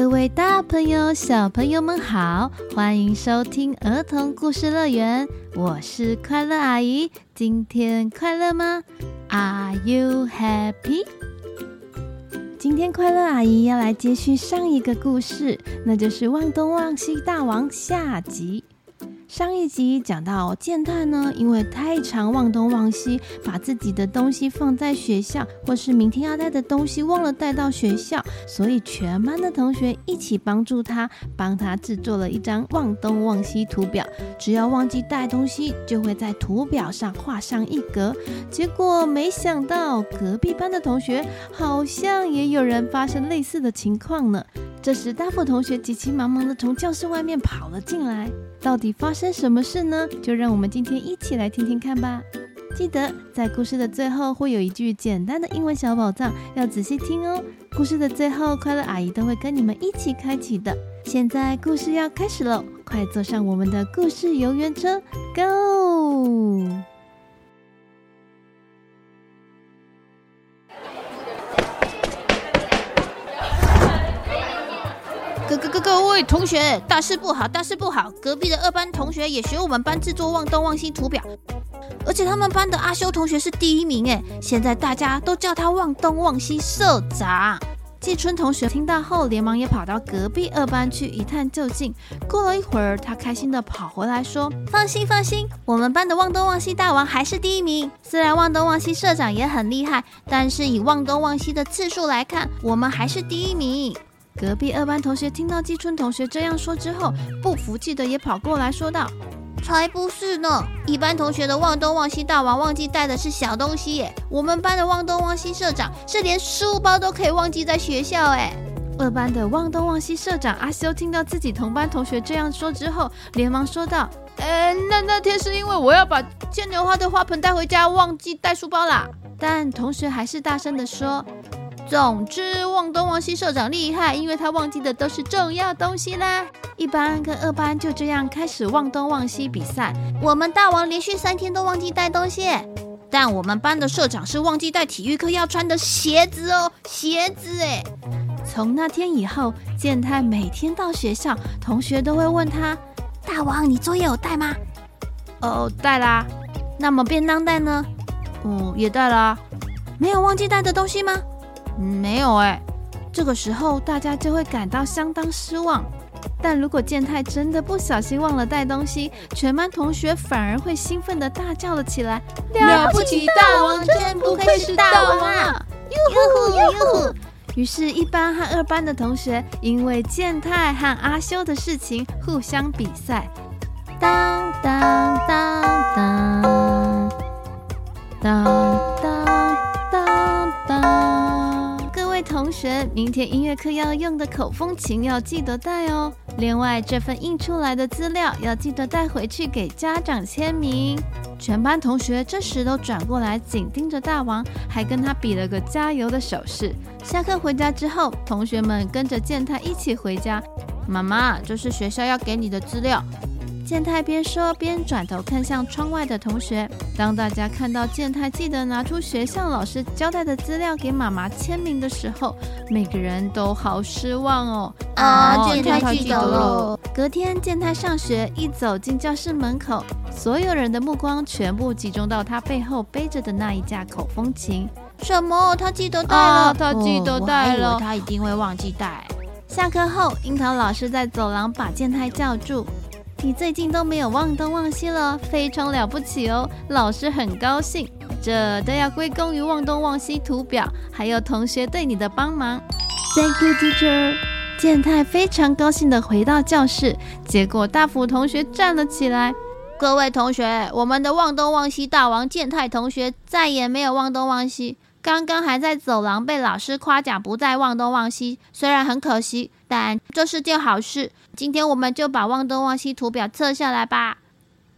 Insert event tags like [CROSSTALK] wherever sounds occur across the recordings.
各位大朋友、小朋友們好，歡迎收聽兒童故事樂園，我是快樂阿姨。今天快樂嗎？Are you happy？今天快樂阿姨要來接續上一個故事，那就是《忘東忘西大王》下集。上一集講到健太呢，因為太常忘東忘西，把自己的東西放在學校，或是明天要帶的東西忘了帶到學校，所以全班的同學一起幫助他，幫他製作了一張忘東忘西圖表，只要忘記帶東西，就會在圖表上畫上一格。結果沒想到隔壁班的同學好像也有人發生類似的情況呢。這時，大富同學急急忙忙地從教室外面跑了進來。到底發生什麼事呢？就讓我們今天一起來聽聽看吧。記得在故事的最後會有一句簡單的英文小寶藏，要仔細聽哦。故事的最後，快樂阿姨都會跟你們一起開啟的。現在故事要開始嘍，快坐上我們的故事遊園車，Go！各各各各位同學，大事不好，大事不好！隔壁的二班同學也學我們班製作忘東忘西圖表，而且他們班的阿修同學是第一名哎！現在大家都叫他忘東忘西社長。季春同學聽到後，連忙也跑到隔壁二班去一探究竟。過了一會兒，他開心地跑回來說：“放心放心，我們班的忘東忘西大王還是第一名。雖然忘東忘西社長也很厲害，但是以忘東忘西的次數來看，我們還是第一名。”隔壁二班同學聽到季春同學這樣說之後，不服氣的也跑過來說道：“才不是呢！一班同學的忘東忘西大王忘記帶的是小東西耶，我們班的忘東忘西社長是連書包都可以忘記在學校誒。”二班的忘東忘西社長阿修聽到自己同班同學這樣說之後，連忙說道：“誒，那那天是因為我要把牽牛花的花盆帶回家，忘記帶書包啦。”但同學還是大聲的說。總之，忘東忘西社長厲害，因為他忘記的都是重要東西啦。一班跟二班就這樣開始忘東忘西比賽。我們大王連續三天都忘記帶東西，但我們班的社長是忘記帶體育課要穿的鞋子哦，鞋子誒，從那天以後，健太每天到學校，同學都會問他，大王，你作業有帶嗎？哦，帶啦。那麼便當袋呢？嗯，也帶啦。沒有忘記帶的東西嗎？沒有哎、欸，這個時候大家就會感到相當失望。但如果健太真的不小心忘了帶東西，全班同學反而會興奮地大叫了起來：“了不起大王，真不愧是大王啊！”呦呼呦呼。於是，一班和二班的同學因為健太和阿修的事情互相比賽。當。明天音樂課要用的口風琴要記得帶哦。另外，這份印出來的資料要記得帶回去給家長簽名。全班同學這時都轉過來緊盯着大王，還跟他比了個加油的手勢。下課回家之後，同學們跟着健太一起回家。媽媽，這是學校要給你的資料。健太邊說邊轉頭看向窗外的同學。當大家看到健太記得拿出學校老師交代的資料給媽媽簽名的時候，每個人都好失望哦。啊，哦，健太記得了。天他記得了。隔天健太上學，一走進教室門口，所有人的目光全部集中到他背後背着的那一架口風琴。什麼？他記得帶了。啊，他記得帶了？哦，他一定會忘記帶。下課後，櫻桃老師在走廊把健太叫住。你最近都沒有忘東忘西了，非常了不起哦，老師很高興，這都要歸功於忘東忘西圖表，還有同學對你的幫忙。Thank you, teacher. 健太非常高興的回到教室，結果大輔同學站了起來。各位同學，我們的忘東忘西大王健太同學再也沒有忘東忘西。剛剛還在走廊被老師誇獎，不再忘東忘西。雖然很可惜，但這是件好事。今天我們就把忘東忘西圖表撤下來吧。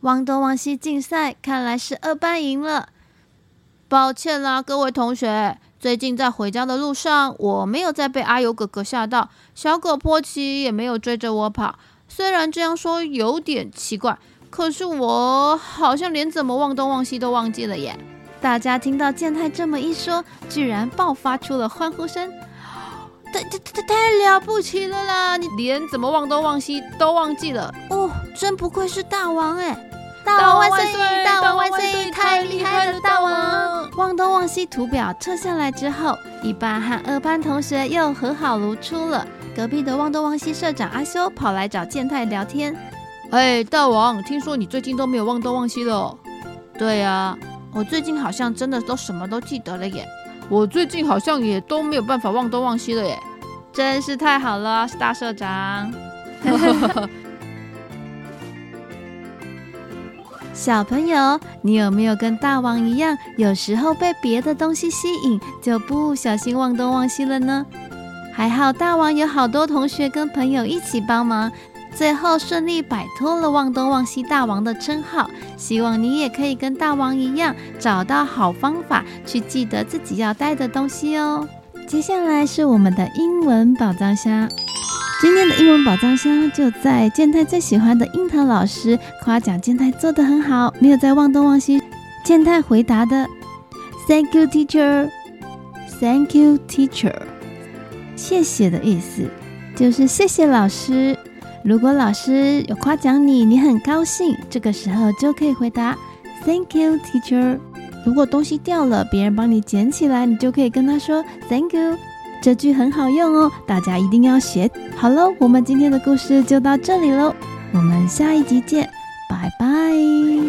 忘東忘西競賽，看來是二班贏了。抱歉啦，各位同學，最近在回家的路上，我沒有再被阿尤哥哥嚇到，小狗波奇也沒有追着我跑。雖然這樣說有點奇怪，可是我好像連怎麼忘東忘西都忘記了耶。大家聽到健太這麼一說，居然爆發出了歡呼聲！太、太、太、太了不起了啦！你連怎麼忘東忘西都忘記了。哦，真不愧是大王哎！大王萬歲！大王萬歲！太厲害了，大王！忘東忘西圖表撤下來之後，一班和二班同學又和好如初了。隔壁的忘東忘西社長阿修跑來找健太聊天。哎，大王，聽說你最近都沒有忘東忘西了？對呀、啊。我最近好像真的都什麼都記得了耶！我最近好像也都沒有辦法忘東忘西了耶，真是太好了，大社長。 [LAUGHS] 小朋友，你有沒有跟大王一樣，有時候被別的東西吸引，就不小心忘東忘西了呢？還好大王有好多同學跟朋友一起幫忙。最後順利擺脫了忘東忘西大王的稱號，希望你也可以跟大王一樣，找到好方法去記得自己要帶的東西哦、喔。接下來是我們的英文寶藏箱，今天的英文寶藏箱就在健太最喜歡的櫻桃老師誇獎健太做得很好，沒有在忘東忘西。健太回答的：Thank you, teacher. Thank you, teacher. 謝謝的意思就是謝謝老師。如果老師有誇獎你，你很高興，這個時候就可以回答 Thank you, teacher。如果東西掉了，別人幫你撿起來，你就可以跟他說 Thank you。這句很好用哦，大家一定要學好嘍。我們今天的故事就到這裡嘍，我們下一集見，拜拜。